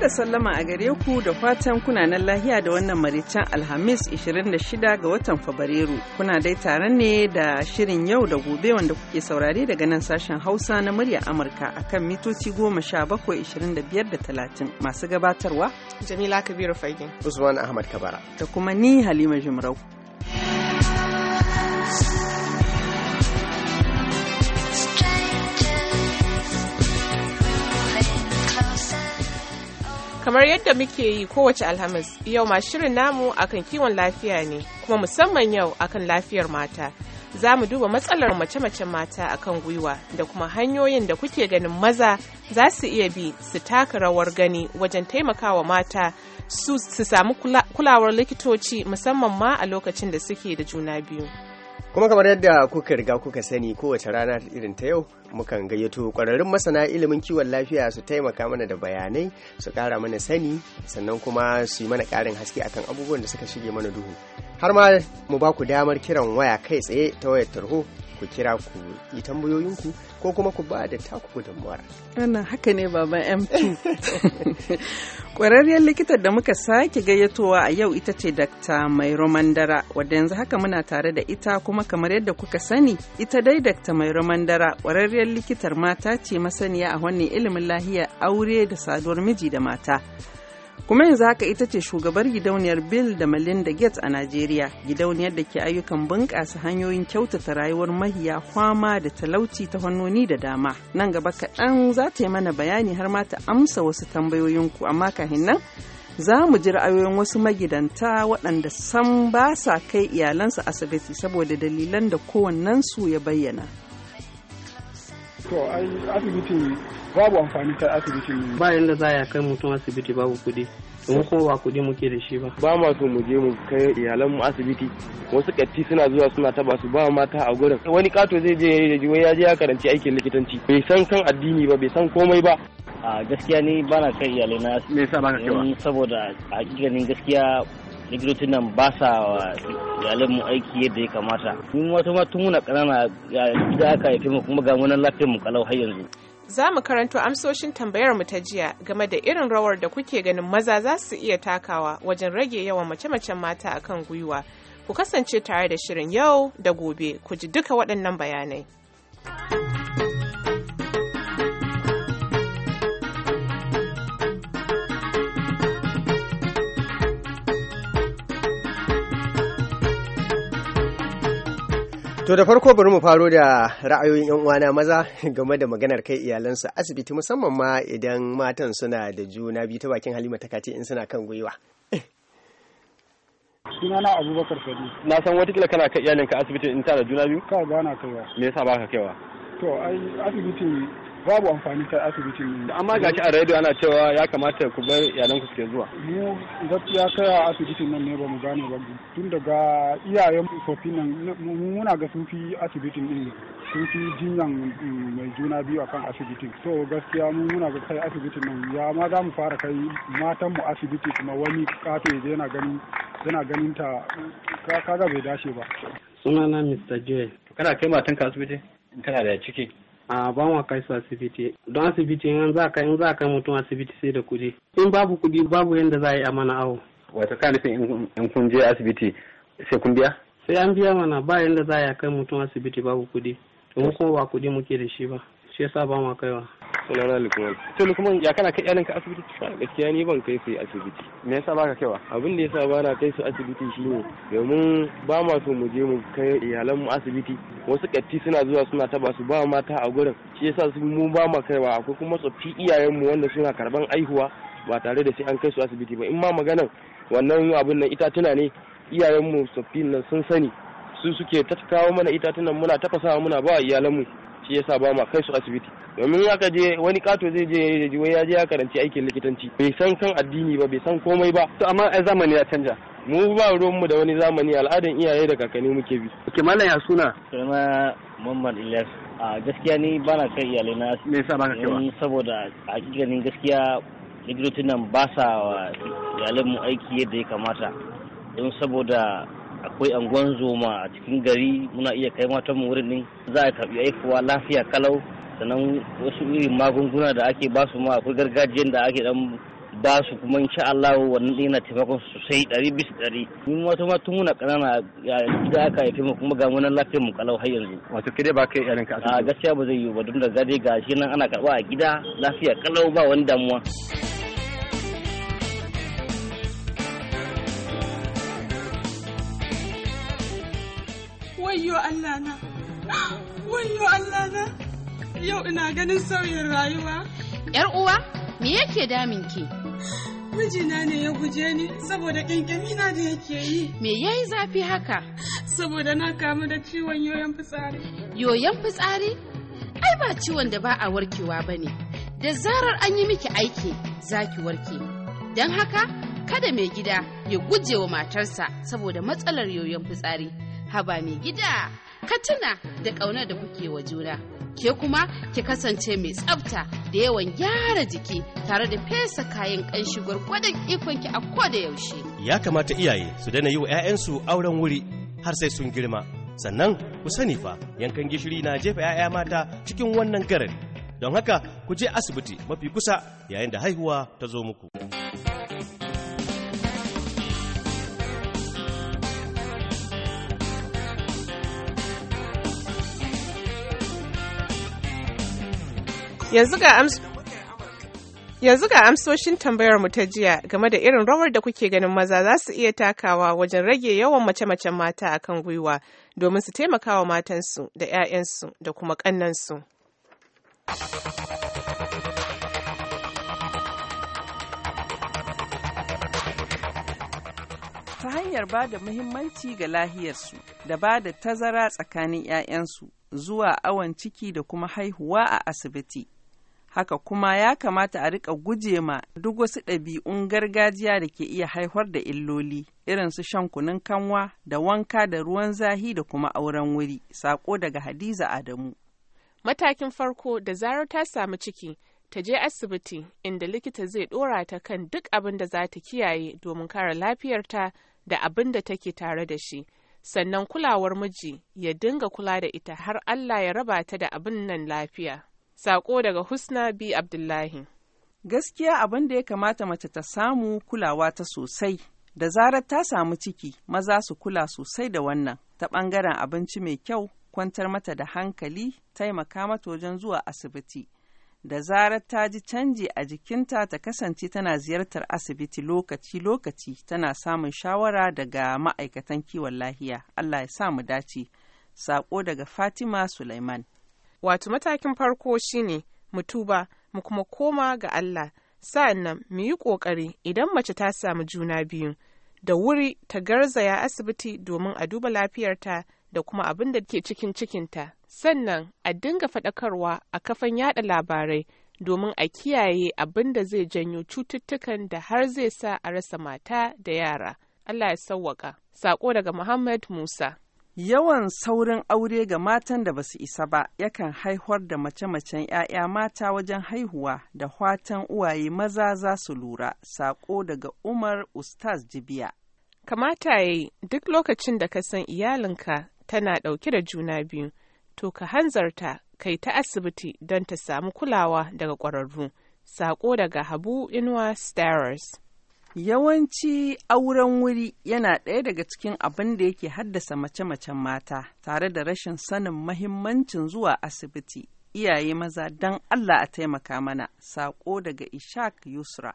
da sallama a gare ku da fatan kuna nan lahiya da wannan maritan Alhamis 26 ga watan Fabrairu. Kuna dai tare ne da shirin yau da gobe wanda kuke saurare daga nan sashen Hausa na murya Amurka akan mitoci 17-25-30 masu gabatarwa. Jamila Kabiru Fagin. Usman Ahmad Kabara. Da kuma ni Halima jimrau kamar yadda muke yi kowace alhamis yau ma shirin namu akan kiwon lafiya ne kuma musamman yau akan lafiyar mata za mu duba matsalar mace-macen mata akan gwiwa da kuma hanyoyin da kuke ganin maza za su iya bi su taka rawar gani wajen taimakawa mata su samu kulawar likitoci musamman ma a lokacin da suke da juna biyu. kuma kamar yadda kuka riga kuka sani kowace rana irin ta yau mukan gayyato ƙwararrun masana ilimin kiwon lafiya su taimaka mana da bayanai su ƙara mana sani sannan kuma su yi mana ƙarin haske akan abubuwan da suka shige mana duhu har ma mu ba ku damar kiran waya kai tsaye ta wayar tarho ku kira ku yi tambayoyinku ko kuma ku ba da taku gudunmuwar. Wannan haka ne baba M2. Ƙwararriyar likitar da muka sake gayyatowa a yau ita ce Dr. Mai Romandara wadda yanzu haka muna tare da ita kuma kamar yadda kuka sani ita dai Dr. Mai Romandara ƙwararriyar likitar mata ce masaniya a wannan ilimin lahiya aure da saduwar miji da mata. kuma yanzu haka ita ce shugabar gidauniyar bill da melinda gates a najeriya gidauniyar da ke ayyukan bunƙasa hanyoyin kyautata rayuwar mahiya kwama da talauci ta hannuni da dama nan gaba kaɗan za ta yi mana bayani har ma ta amsa wasu tambayoyinku amma kahin nan za mu ji ra'ayoyin wasu magidanta waɗanda sam ba sa kai iyalansu asibiti saboda dalilan da kowannensu ya bayyana to asibitin babu amfani ta asibitin ba yanda za ya kai mutum asibiti babu kuɗi domin kuma ba kuɗi muke da shi ba ba ma so mu je mu kai iyalan mu asibiti wasu katti suna zuwa suna taba su ba mata a gurin wani kato zai je ya wai ya je ya karanci aikin likitanci bai san kan addini ba bai san komai ba a gaskiya ni bana kai iyalai na me yasa kai eh, saboda a gaskiya likitocin nan ba sa iyalan mu aiki yadda ya kamata mun wata ma tun muna ƙanana ya gida aka haife mu kuma ga munan lafiyar mu kalau har yanzu za mu karanto amsoshin tambayar mu ta jiya game da irin rawar da kuke ganin maza za su iya takawa wajen rage yawan mace-macen mata akan gwiwa ku kasance tare da shirin yau da gobe ku ji duka waɗannan bayanai To da farko bari mu faro da ra'ayoyin 'yan uwana maza game da maganar kai iyalansu asibiti musamman ma idan matan suna da juna biyu ta bakin Halima ta kace in suna kan gwiwa. na abubakar sadi na san watakila kana kai iyalinka asibiti in ta da juna biyu ka gana kaiwa me yasa baka kaiwa to ai asibiti babu amfani ta asibitin ne amma ga shi a radio ana cewa ya kamata ku bar iyalan ku suke zuwa mu gaskiya kai a asibitin nan ne ba mu gane ba tun daga iyayen sofi nan muna ga sun fi asibitin din sun fi jinyan mm, mai juna biyu akan asibitin so gaskiya mu muna ga kai asibitin nan ya ma za mu fara kai matan mu asibiti kuma wani kafe yana gani yana ganin ta kaga bai dace ba sunana Mr. Joy kana kai matan ka asibiti kana da ciki a ba mu kai su asibiti don asibiti in za ka in za ka mutum asibiti sai da kuɗi in babu kuɗi babu yadda za a yi a mana awo wato ka nufin in kun je asibiti sai kun biya sai an biya mana ba yadda za a yi a kai mutum asibiti babu kuɗi to mu kuma ba kuɗi muke da shi ba shi yasa ba ma kaiwa na lukman to lukman ya kana kai iyalinka asibiti gaskiya ni ban kai su asibiti me yasa baka kaiwa abin da yasa bana kai su asibiti shine domin ba ma so mu je mu kai iyalan mu asibiti wasu katti suna zuwa suna taba su ba mata a gurin shi yasa su mu ba ma kaiwa akwai kuma tsoffi iyayen mu wanda suna karban aihuwa ba tare da sai an kai su asibiti ba in ma maganan wannan abin nan itatuna ne iyayen mu tsoffin nan sun sani su suke ta kawo mana itatunan muna tafasawa muna ba iyalan mu shi yasa ba ma kai su asibiti domin ka je wani kato zai je ya ji wai ya je ya karanci aikin likitanci bai san kan addini ba bai san komai ba to amma ai zamani ya canja mu ba ruwan mu da wani zamani al'adan iyaye da kakanni muke bi ke malam ya suna suna muhammad ilyas a gaskiya ni ba na kai iyalai na me yasa ba ka kai saboda hakikanin gaskiya likitocin nan ba sa wa iyalan mu aiki yadda ya kamata don saboda akwai anguwan zoma a cikin gari muna iya kai matan mu wurin din za a karbi aikuwa lafiya kalau sannan wasu irin magunguna da ake basu ma akwai gargajiyan da ake dan ba su kuma insha Allah wannan yana taimakon sosai ɗari bisa ɗari mun wata ma tun muna kanana ya gida aka yi mu kuma ga mu lafiyar mu kalau har yanzu wato kide ba kai yarinka a gaskiya ba zai yi ba don da gade gashi nan ana karba a gida lafiya kalau ba wani damuwa Wayyo Allah na, wayyo Allah na, yau ina ganin sauyin rayuwa. ‘Yar uwa, me yake damin ki? Mijina ne ya guje ni saboda na da yake yi. Me ya yi zafi haka? Saboda na kamu da ciwon yoyon fitsari. Yoyon fitsari? Ai ba ciwon da ba a warkewa ba ne. Da zarar an yi miki aiki za ki warke. Don haka, kada mai gida ya guje wa matarsa saboda matsalar yoyon fitsari. haba mai gida ka tuna da ƙauna da kuke wa juna ke kuma ki kasance mai tsafta da yawan gyara jiki tare da fesa kayan ƙanshi gwargwadon ikonki a da yaushe ya kamata iyaye su daina yi wa 'ya'yansu auren wuri har sai sun girma sannan ku sani fa yankan gishiri na jefa 'ya'ya mata cikin wannan garin, don haka ku je asibiti mafi kusa yayin da haihuwa ta zo muku. Yanzu ga amsoshin tambayar mu ta jiya game da irin rawar da kuke ganin maza za su iya takawa wajen rage yawan mace-macen mata a kan gwiwa domin su taimaka wa matansu da 'ya'yansu da kuma ƙannansu. ta hanyar ba da muhimmanci ga lahiyarsu da ba da tazara tsakanin 'ya'yansu zuwa awon ciki da kuma haihuwa a asibiti haka kuma ya kamata a riƙa guje ma duk wasu ɗabi'un gargajiya da ke iya haifar da illoli irin su shan kunun kanwa da wanka da ruwan zahi da kuma auren wuri sako daga hadiza adamu matakin farko da zarar ta samu ciki ta je asibiti inda likita zai ɗora ta kan duk abin da za ta kiyaye domin kare lafiyarta da abin da take tare da shi sannan kulawar miji ya dinga kula da ita har allah ya raba ta da abin nan lafiya Sako daga Husna bi Abdullahi. Gaskiya abin da ya kamata mace ta samu kulawa ta sosai. Da zarar ta samu ciki, maza su kula sosai da wannan ta ɓangaren abinci mai kyau, kwantar mata da hankali, taimaka mata wajen zuwa asibiti. Da zarar ta ji canji a jikinta ta kasance tana ziyartar asibiti lokaci-lokaci tana samun shawara daga ma'aikatan kiwon lahiya. Allah ya sa mu dace. Sako daga Fatima Sulaiman. wato matakin farko shine mu tuba mu kuma koma ga Allah sa'annan mu yi ƙoƙari idan mace ta samu juna biyu da wuri ta garzaya asibiti domin a duba lafiyarta da kuma abin da ke cikin cikinta sannan a dinga faɗakarwa a kafan yada labarai domin a kiyaye abin da zai janyo cututtukan da har zai sa a rasa mata da yara Allah ya sauwaka. Sako daga Muhammad Musa. Yawan saurin aure ga matan da basu isa ba yakan haihuwar da mace-macen 'ya'ya mata wajen haihuwa da fatan uwaye maza za su lura, sako daga Umar Ustaz Jibiya. Kamata ya yi duk lokacin da ka san iyalinka tana ɗauke da juna biyu, to ka hanzarta kai ta asibiti don ta samu kulawa daga ƙwararru, sako daga Habu Inuwa Stars. Yawanci auren wuri yana ɗaya daga cikin abin da yake haddasa mace-macen mata tare da rashin sanin mahimmancin zuwa asibiti. Iyaye maza don Allah a taimaka mana, saƙo daga Ishak Yusra.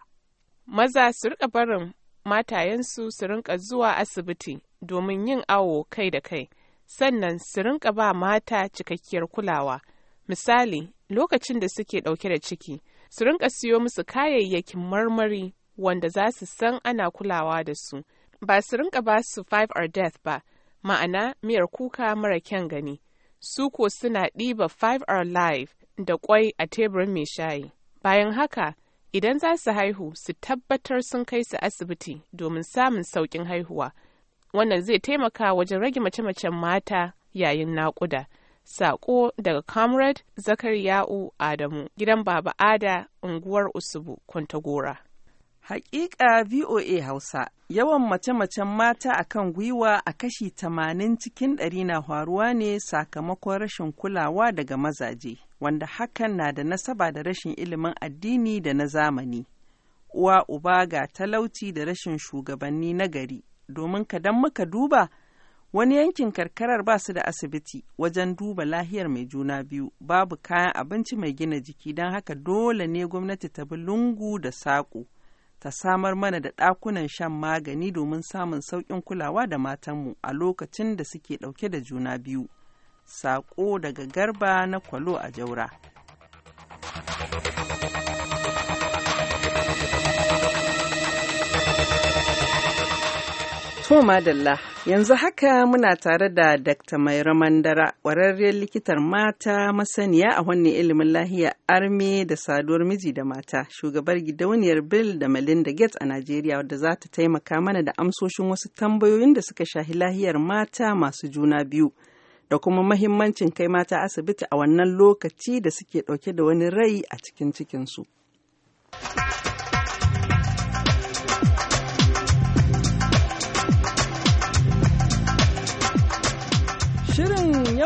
Maza su riƙa barin matayensu su rinƙa zuwa asibiti domin yin awo kai da kai, sannan su rinka ba mata cikakkiyar kulawa. Misali, lokacin da suke ɗauke da ciki, su rinka siyo musu kayayyakin marmari wanda za su san ana kulawa da su ba su rinka ba su five or death ba ma'ana miyar kuka mara kyan gani su ko suna ɗiba five or life da kwai a teburin mai shayi bayan haka idan za su haihu su tabbatar sun kai su asibiti domin samun sauƙin haihuwa wannan zai taimaka wajen rage mace-macen mata yayin naƙuda. Sako daga Comrade Zakariya'u Adamu, gidan Baba Ada, unguwar Usubu, Kwantagora. Hakika VOA Hausa yawan mace-macen mata a kan gwiwa a kashi tamanin cikin ɗari na faruwa ne sakamakon rashin kulawa daga mazaje, wanda hakan na da nasaba da rashin ilimin addini da na zamani. Uwa uba ga talauci da rashin shugabanni na gari, domin kadan muka duba wani yankin karkarar ba su da asibiti wajen duba lahiyar mai juna biyu babu kayan abinci mai gina jiki don haka dole ne gwamnati ta bi lungu da saƙo. ta samar mana da ɗakunan shan magani domin samun sauƙin kulawa da matanmu a lokacin da suke ɗauke da juna biyu. Saƙo daga garba na kwalo a jaura. To madalla yanzu haka muna tare da Dr. Mairo Mandara, ƙwararriyar likitar mata masaniya a wannan ilimin lahiya arme da saduwar miji da mata, shugabar gidauniyar Bill da Melinda Gates a Najeriya wadda za ta taimaka mana da amsoshin wasu tambayoyin da suka shahi lahiyar mata masu juna biyu. Da kuma mahimmancin kai mata asibiti a wannan lokaci da suke ɗauke da wani rai a cikin cikinsu.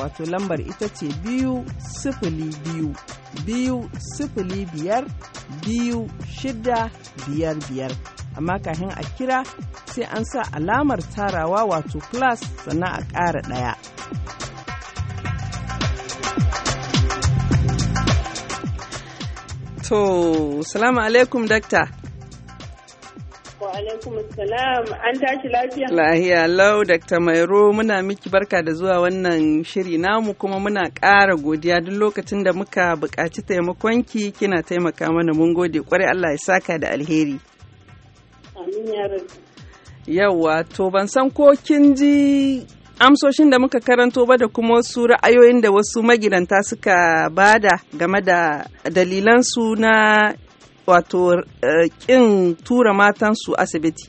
wato lambar ita ce biyu sifili biyu biyu sifili biyar biyu shida biyar biyar amma kafin a kira sai an sa alamar tarawa wato plus sannan a ƙara ɗaya. To, salamu alaikum dakta. alaikum salam an tashi lafiya lahiya lau dr mairo muna miki barka da zuwa wannan shiri namu kuma muna ƙara godiya duk lokacin da muka buƙaci taimakonki kina taimaka mana mun gode kwarai allah ya saka da alheri amin to ban san ko kin ji amsoshin da muka karanto ba da kuma wasu ra'ayoyin da wasu magidanta suka bada game da dalilansu na wato ƙin eh, tura matansu asibiti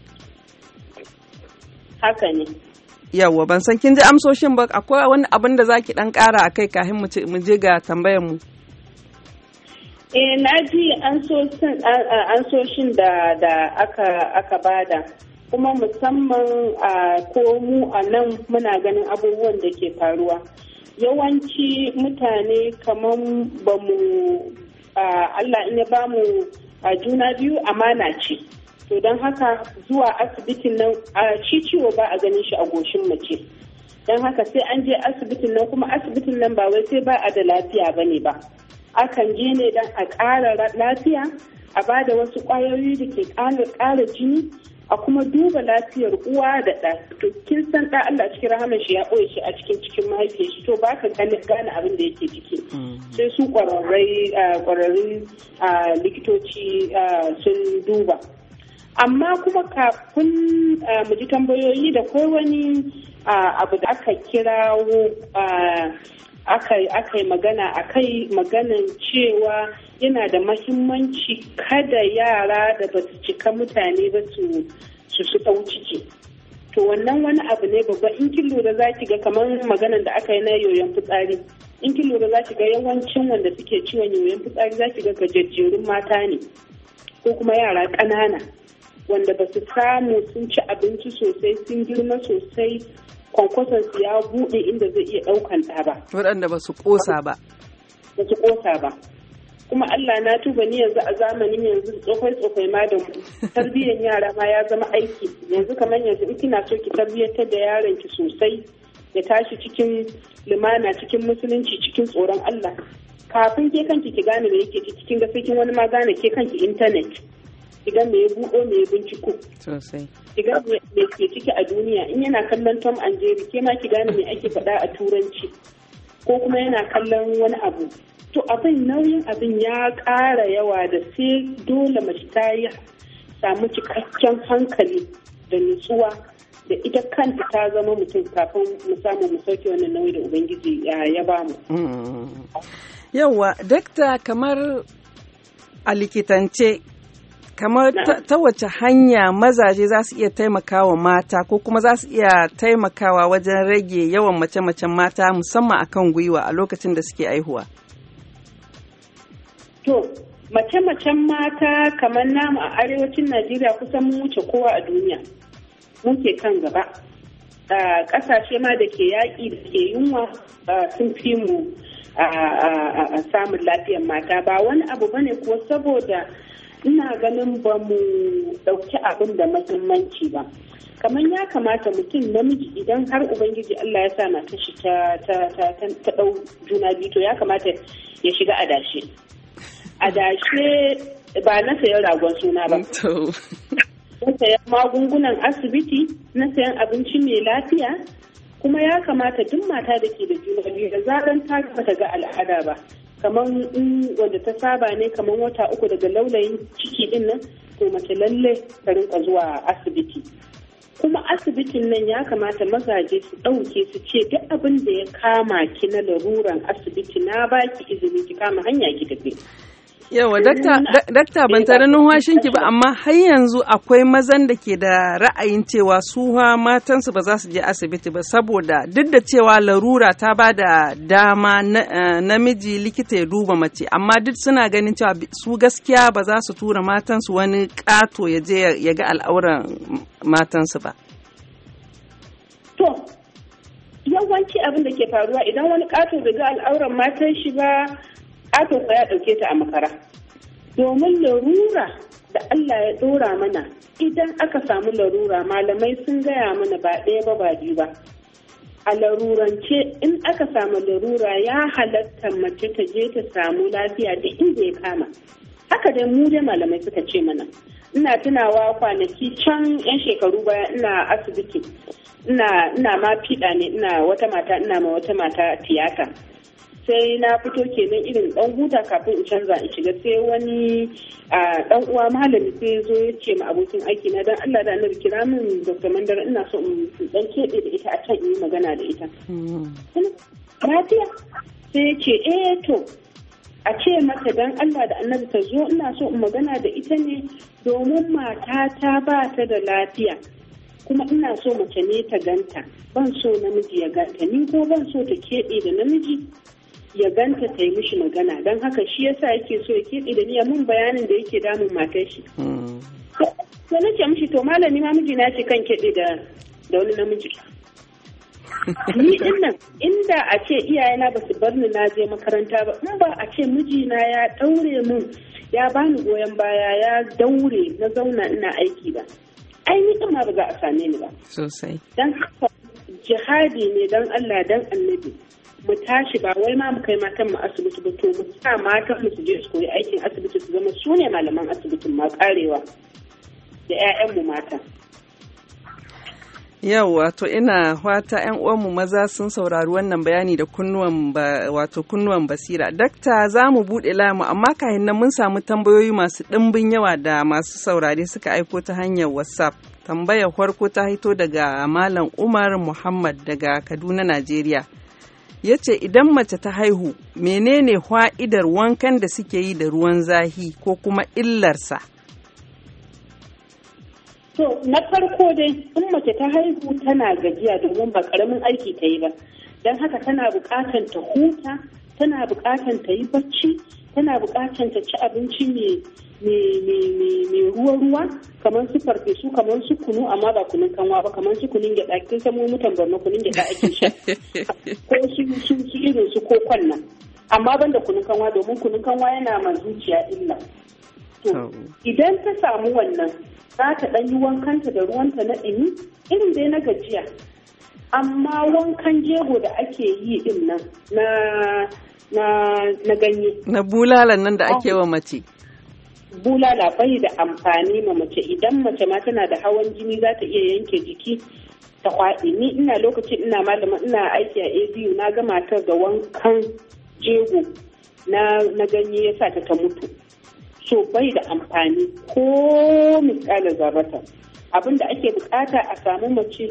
haka ne Yawwa ban san kin ji amsoshin ba akwai wani abin da zaki ɗan ƙara a kai kafin mu je ga tambayar mu eh na ji amsoshin da da aka bada kuma musamman a ko mu a nan muna ganin abubuwan da ke faruwa yawanci mutane kamar ba Allah in ya bamu. a juna biyu amana ce to don haka zuwa asibitin nan a shi ciwo ba a ganin shi a goshin mace don haka sai an je asibitin nan kuma asibitin nan ba wai sai ba a da lafiya ba ne ba akan je ne don a ƙara lafiya a ba da wasu ƙwayoyi da ke ƙara jini a kuma duba lafiyar uwa da ɗa to kin san ɗa Allah cikin rahama shi ya ɓoye shi a cikin cikin mahaifiyar shi to ba ka gane abin da yake ciki mm-hmm. sai su ƙwararrun likitoci sun duba amma kuma kafin mu ji tambayoyi da kai wani abu da aka kirawo aka yi magana a kai maganin cewa yana da mahimmanci kada yara da ba su cika mutane ba su su ɗau ciki to wannan wani abu ne babba in kin lura za ki ga kamar maganan da aka yi na yoyon fitsari in kin lura za ki ga yawancin wanda suke ciwon yoyon fitsari za ki ga gajejjerun mata ne ko kuma yara ƙanana wanda ba su samu sun ci abinci sosai sun girma sosai kwankwason su ya bude inda zai iya daukan ta ba. Waɗanda ba su ƙosa ba. Ba su ƙosa ba. Kuma Allah na tuba ni yanzu a zamanin yanzu tsofai tsofai ma da mu. Tarbiyyar yara ma ya zama aiki. Yanzu kamar yanzu in kina so ki tarbiyyantar da yaron ki sosai ya tashi cikin lumana cikin musulunci cikin tsoron Allah. Kafin ke kanki ki gane da yake cikin ga kin wani ma gane ke kanki intanet. idan mai buɗo mai binciko sosai shiga me ke ciki a duniya in yana kallon tom and jerry ke ma ki gane me ake faɗa a turanci ko kuma yana kallon wani abu to abin nauyin abin ya ƙara yawa da sai dole mace ta yi samu cikakken hankali da nutsuwa da ita kanta ta zama mutum kafin mu samu mu sauke wannan nauyi da ubangiji ya ba mu yawwa dakta kamar a likitance kamar ta wace hanya mazaje za su iya taimakawa mata ko kuma za su iya taimakawa wajen rage yawan mace-macen mata musamman akan gwiwa a lokacin da suke aihuwa to mace-macen mata kamar namu a arewacin najeriya kusan mun wuce kowa a duniya muke kan gaba ƙasashe ma da ke yaƙi da ke yunwa sun fi mu a samun lafiyar mata ba wani abu bane ko saboda ina ganin ba mu ɗauki abin da muhimmanci ba kamar ya kamata mutum namiji idan har ubangiji Allah ya sa mata shi ta ta ɗau juna biyu to ya kamata ya shiga adashe adashe ba na sayan ragon suna ba na sayan magungunan asibiti na sayan abinci mai lafiya kuma ya kamata duk mata da ke da juna biyu da zaran ta ga al'ada ba kamar wanda ta saba ne kamar wata uku daga laulayin ciki din nan to mace lalle ta rinka zuwa asibiti kuma asibitin nan ya kamata mazaje su ɗauke su ce duk abin da ya kama ki na laruran asibiti na baki izini ki kama hanya ki tafi Yawa, dakta ban tare numfashin ki ba, amma har yanzu akwai mazan da ke da ra'ayin cewa suha matansu ba za su je asibiti ba saboda duk da cewa larura ta ba da dama eh, namiji likita ya duba mace, amma duk suna ganin cewa su gaskiya ba za su tura matansu wani ƙato ya je ya ga al'auran matansu ba. To, yawanci abin da ke faruwa idan wani kato bai ga al'auran matan shi ba katon ya ɗauke ta a makara domin larura da Allah ya ɗora mana idan aka samu larura malamai sun gaya mana ba ɗaya ba ba biyu ba a larurance in aka samu larura ya halatta mace ta je ta samu lafiya da inda ya kama haka dai mu dai malamai suka ce mana ina tunawa kwanaki can yan shekaru baya ina asibiti ina ma fiɗa ne ina wata mata ina ma wata mata tiyata sai na fito kenan irin dan huta kafin in canza in shiga sai wani dan uwa malami sai zo ya ce ma abokin aiki na dan Allah da annabi kira min Dr. Mandara ina so in dan kebe da ita a can in yi magana da ita hmm. lafiya sai ce eh to a ce mata dan Allah da annabi ta zo ina so in magana da ita ne domin matata ba ta da lafiya kuma ina so mace ne ta ganta ban so namiji ya ganta ni ko ban so ta keɓe da namiji ya ganta ta yi mishi magana don haka shi yasa yake so ya kiɗi da niya mun bayanin da yake damun matar shi. To na ce mishi to malami ma miji na ce kan keɓe da wani namiji. Ni din nan inda a ce iyayena ba su bar ni na je makaranta ba in ba a ce mijina ya ɗaure mun ya bani goyon baya ya daure na zauna ina aiki ba. Ai ni ma ba za a same ni ba. Sosai. Don jihadi ne don Allah dan annabi. mu tashi ba wai ma mu kai matan mu asibiti ba to mu sa matan mu su je su koyi aikin asibiti su zama su ne malaman asibitin ma karewa da ƴaƴan mu mata Yau wato ina wata 'yan uwanmu maza sun saurari wannan bayani da kunnuwan ba, wato kunnuwan basira. Dakta za mu buɗe lamu amma kahin nan mun samu tambayoyi masu ɗimbin yawa da masu saurari suka aiko ta hanyar WhatsApp. Tambayar farko ta hito daga Malam Umar Muhammad daga Kaduna, Najeriya. ya ce idan mace ta haihu menene fa'idar wankan da suke yi da ruwan zahi ko kuma illarsa To na farko dai in mace ta haihu tana gajiya domin ba karamin aiki ta yi ba. Don haka tana bukatan ta huta, tana bukatan ta yi bacci, tana bukatan ta ci abinci mai mai ruwa-ruwa kamar su farfesu kamar su kunu amma ba kunun kanwa ba kamar su kunun gyaɗa kin san mu mutan barna kunun gyaɗa ake sha ko su su irin su ko kwannan amma ban da kunun kanwa domin kunun kanwa yana ma zuciya illa idan ta samu wannan za ta dan yi ta da ruwan ta na ɗumi irin dai na gajiya amma wankan jego da ake yi din nan na na ganye na bulalan nan da ake wa mace bulala bai da amfani ma mace idan mace ma tana da hawan jini za ta iya yanke jiki ta kwaɗi ni ina lokacin ina malama ina aiki a abu na ga matar da wankan jego na ganye ya sa ta mutu so bai da amfani ko misalin zarrata abin da ake bukata a samu mace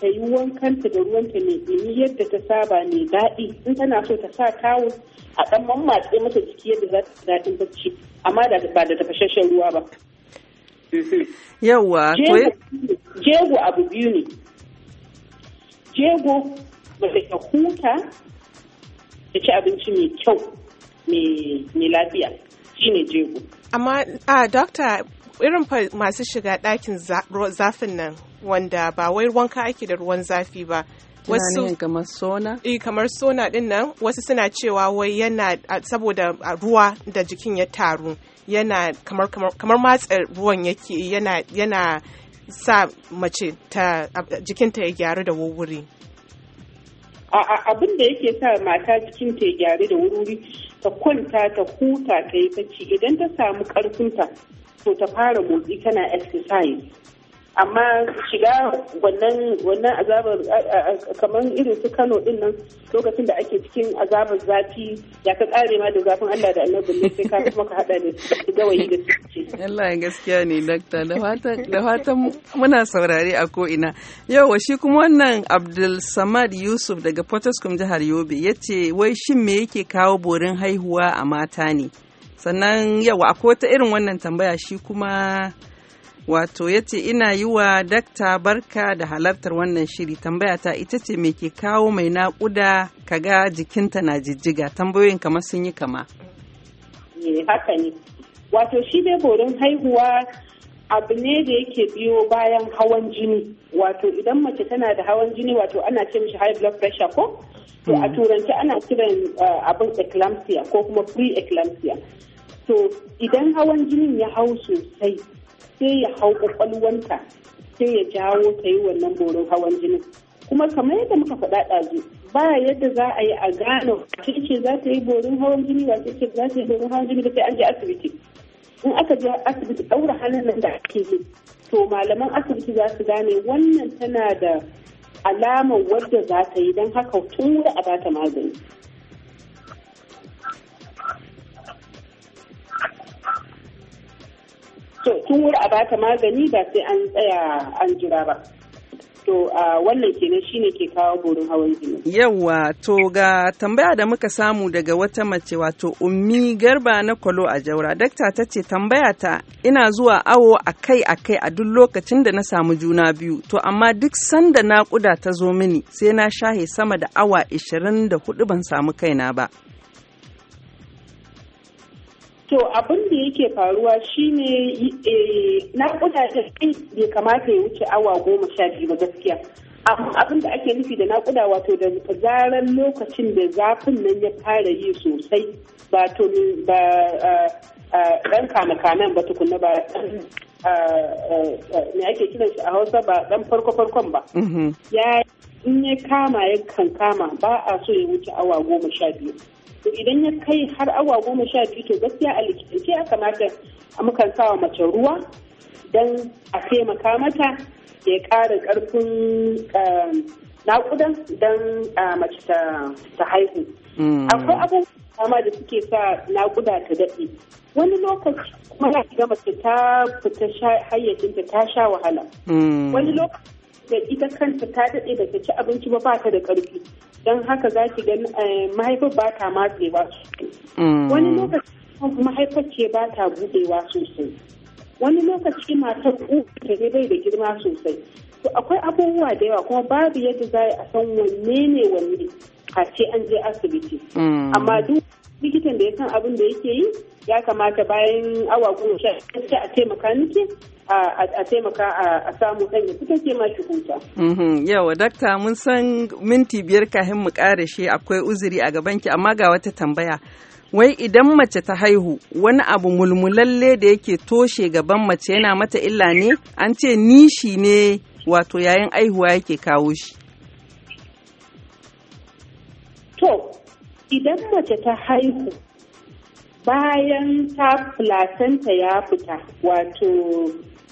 ta yi wankanta da ruwanta mai ɗumi yadda ta saba mai daɗi in tana so ta sa tawul a ɗan mammatse mata jiki yadda za ta fi daɗin bacci amma ba da tafashashen ruwa ba. Yawwa. Jego abu biyu ne. Jego ba ta huta ta ci abinci mai kyau mai lafiya shine jego. Amma a dokta irin masu shiga ɗakin zafin nan wanda ba wai wanka ake da ruwan zafi ba wasu kamar sona eh kamar sona din nan wasu suna cewa wai yana saboda ruwa da jikin ya taru yana kamar kamar matsa ruwan yake yana yana sa mace ta jikinta ya gyaru da wuri abin da yake sa mata jikinta ya gyaru da wuri ta kwanta ta huta ta yi bacci idan ta samu karfinta to ta fara motsi tana exercise amma shiga wannan wannan azabar kamar irin su Kano din nan lokacin da ake cikin azabar zafi ya ka kare ma da zafin Allah da Annabi ne sai ka kuma ka hada da gawayi da ce Allah gaskiya ne dakta da fatan muna saurare a ko ina yawa shi kuma wannan Abdul Samad Yusuf daga Potoskum jihar Yobe ya ce wai shin me yake kawo borin haihuwa a mata ne sannan yawa akwai wata irin wannan tambaya shi kuma wato ya ce ina yi wa dakta barka da halartar wannan shiri tambaya ta ita ce me ke kawo mai naƙuda kaga jikinta na jijjiga tambayoyin kama sun yi kama eh, haka ne wato shi dai borin haihuwa abu ne da yake biyo bayan hawan jini wato idan mace tana da hawan jini wato ana ce mishi high blood pressure ko to a mm. turanci ana kiran eh, abin eclampsia ko kuma pre-eclampsia so idan hawan jinin ya hau sosai sai ya hau kwakwalwanta sai ya jawo ta yi wannan borin hawan jinin kuma kamar yadda muka faɗa ɗazu ba yadda za a yi a gano wace ce za ta yi borin hawan jini wace ce za ta yi borin hawan jini da sai an je asibiti in aka je asibiti ɗaura hannun nan da ake yi to malaman asibiti za su gane wannan tana da alamar wadda za ta yi don haka tun wuri a bata magani to tun wuri a bata magani ba sai an tsaya an jira ba to wannan kenan shine ke kawo borin hawan jini yawa to ga tambaya da muka samu daga wata mace wato ummi garba na kwalo a jaura dakta ta ce tambaya ta ina zuwa awo akai akai a duk lokacin da na samu juna biyu to amma duk sanda na naƙuda ta zo mini sai na shahe sama da awa 24 ban samu kaina ba To abin da yake faruwa shine eh, na kuda da bai kamata ya wuce awa goma sha biyu ba gaskiya. Abin da ake nufi da nakuda wato da zarar lokacin da zafin nan ya fara yi sosai ba to ba ɗan kanakanan ba tukunna ba me ake kiran shi a hausa ba ɗan farko-farkon ba. Mm-hmm. Ya in ya kama ya kan kama ba a so ya wuce awa goma sha biyu. to idan ya kai har awa goma sha biyu to gaskiya a likitance ya kamata a mukan wa mace ruwa don a taimaka mata ya ƙara ƙarfin eh, naƙudan don eh, mace ta haihu mm. akwai abubuwa kama da suke sa naƙuda ta daɗe wani lokaci kuma ya ga mace ta fita hayyacinta ta sha wahala mm. wani lokaci da ita kanta ta daɗe da ta ci abinci ba ba ta da ƙarfi don haka za ki ga eh, mahaifar ba ta matsewa mm. wani lokaci mahaifar ce ba ta buɗewa sosai wani lokaci matar uku ta bai da girma sosai to akwai abubuwa da yawa kuma babu yadda za a san wanne ne wanne a ce an je asibiti mm. amma duk likitan da ya san abin da yake yi ya kamata bayan awa goma sha a taimaka miki a taimaka a samu ɗanya ya ke ma shi mhm. Yawa dakta mun san minti biyar kahin mu ƙara shi akwai uzuri a gaban ki amma ga wata tambaya. Wai idan mace ta haihu wani abu mulmulalle da yake toshe gaban mace yana mata illa ne an ce nishi ne wato yayin aihuwa yake kawo shi. To, idan mace ta haihu bayan ta placenta ya fita wato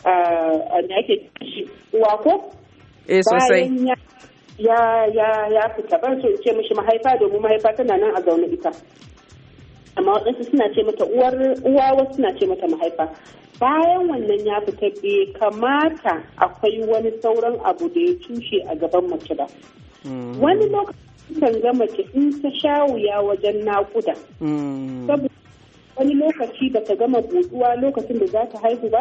Eh, a ake shi uwa eh sosai ya ya ya fita ban so ce mishi mahaifa domin mahaifa tana nan a zaune ita amma waɗansu suna ce mata uwar uwa wasu suna ce mata mahaifa bayan wannan ya fita bai kamata akwai wani sauran abu da ya cushe a gaban mace ba mm. wani lokacin kan ga mace in ta sha wuya wajen naƙuda mm. saboda wani lokaci ba ta gama buɗuwa lokacin da za ta haihu ba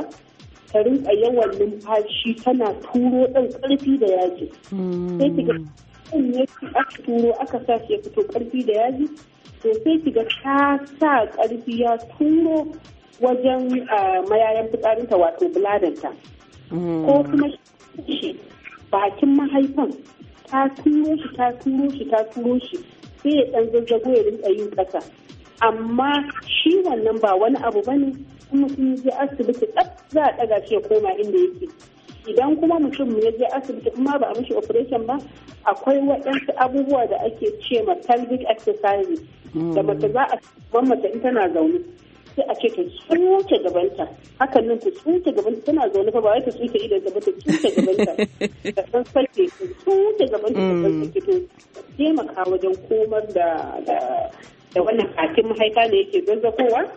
ta rinka yawan numfashi tana turo ɗan ƙarfi da yaji sai ki ga in ya aka turo aka sa shi ya fito ƙarfi da yaji to sai ki ga ta sa ƙarfi ya turo wajen mayayan fitsarinta wato buladanta mm. ko kuma shi bakin mahaifan ta turo shi ta turo shi ta turo shi sai ya ɗan zazzago ya rinka yin ƙasa amma shi wannan ba wani abu bane in mutum ya je asibiti tsaf za a ɗaga shi ya koma inda yake idan kuma mutum ya je asibiti kuma ba a mishi operation ba akwai waɗansu abubuwa da ake ce ma pelvic exercise da hmm. mace za a ban mace in tana zaune sai a ce ta tsuke gabanta hakan nan ta tsuke gabanta tana zaune fa ba wai ta tsuke idan ta bata ta tsuke gabanta ta hmm. san sake ta tsuke gabanta ta san sake ta taimaka wajen komar da da wannan kakin mahaifa ne yake zazzakowa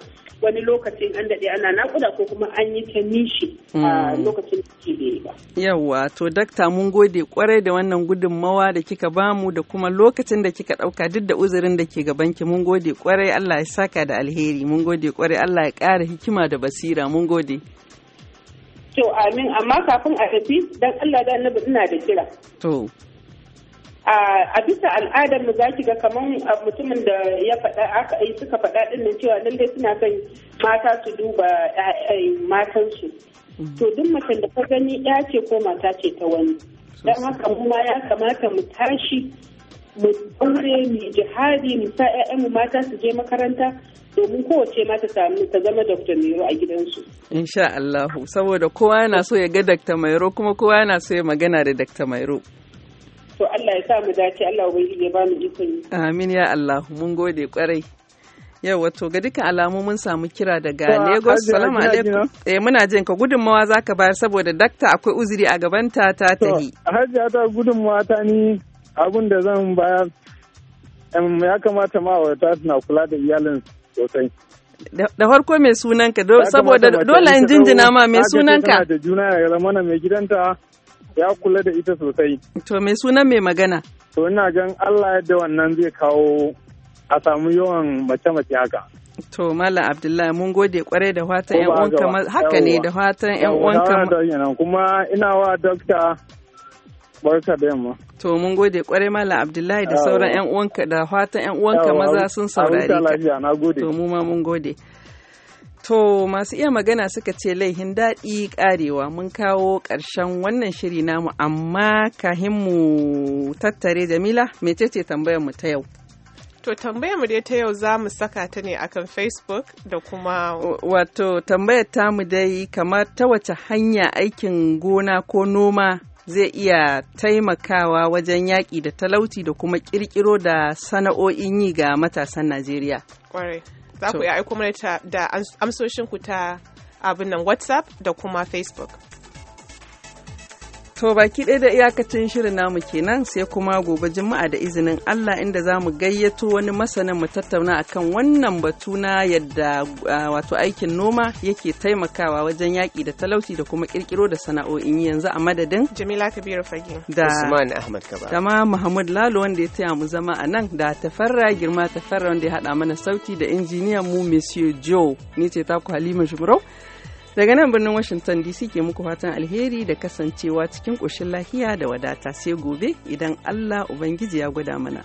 wani lokacin an daɗe ana nakuda ko kuma an yi ta nishi a hmm. lokacin da ke bai ba. Yawwa to dakta mun gode kwarai da wannan gudunmawa da kika bamu da kuma lokacin da kika ɗauka duk da uzurin da ke gabanki mun gode kwarai Allah ya saka da alheri mun gode kwarai Allah ya ƙara hikima da basira mun gode. To amin amma kafin a tafi dan Allah da annabi ina da kira. To. a bisa al'adar mu zaki ga kaman mutumin da ya faɗa aka yi eh, suka faɗa din nan cewa nan dai suna son mata su duba matan su to duk macen da ka gani ya ce ko mata ce ta wani dan haka mu ma ya kamata mu tashi mu ɗaure mu jihadi mu sa ƴaƴan mu mata su je makaranta domin kowace mata ta samu ta zama Dr. Mairo a gidansu. Insha Allah, saboda kowa na so ya ga Dr. Mairo kuma kowa na so ya magana da Dr. Mairo. to Allah ya sa mu dace Allah ubangiji ya ba mu ikon amin ya Allah mun gode kwarai yau wato ga dukkan alamu mun samu kira daga lagos salamu alaikum eh muna jin ka gudunmawa zaka bayar saboda dakta akwai uzuri a gaban ta ta tahi hajiya ta gudunmawa ta ni abin da zan bayar ya kamata ma'aurata suna kula da iyalin sosai da farko mai sunanka saboda dole in jinjina ma mai sunanka da juna ya zama mai gidanta ya kula da ita sosai. To mai sunan mai magana? To ina gan Allah yadda wannan zai kawo a samu yawan mace-mace haka. To Mala Abdullahi mun gode kwarai da fatan ƴan uwanka haka ne da fatan ƴan uwanka. Kuma ina wa dokta barka da yamma. To mun gode kwarai Mala Abdullahi da sauran ƴan uwanka da fatan ƴan uwanka maza sun saurare ka. To mu ma mun gode. To masu iya magana suka ce laihin daɗi ƙarewa mun kawo ƙarshen wannan shiri namu amma kahin mu tattare Jamila mecece tambayar mu ta yau. To tambayar mu dai ta yau za mu saka ta ne akan Facebook da kuma wato tambayar tamu dai kamar ta wace hanya aikin gona ko noma zai iya taimakawa wajen yaƙi da talauci da kuma ƙirƙiro da sana'o'in yi ga matasan Najeriya. za ku aiko mana da amsoshinku ta abin nan whatsapp da kuma facebook To baki ɗaya da iyakacin shirin namu kenan sai kuma gobe juma'a da izinin Allah inda za mu gayyato wani masanin mu tattauna akan wannan batu na yadda wato aikin noma yake taimakawa wajen yaƙi da talauci da kuma ƙirƙiro da sana'o'in yanzu a madadin Jamila Kabiru Fage da Usman Ahmad Kaba da Muhammad Lalo wanda ya taya mu zama a nan da Tafarra Girma Tafarra wanda ya haɗa mana sauti da injiniyan mu Monsieur Joe ni ce taku Halima Jumrau Daga nan birnin Washington DC ke muku fatan alheri da kasancewa cikin ƙoshin lahiya da wadata sai gobe idan Allah Ubangiji ya gwada mana.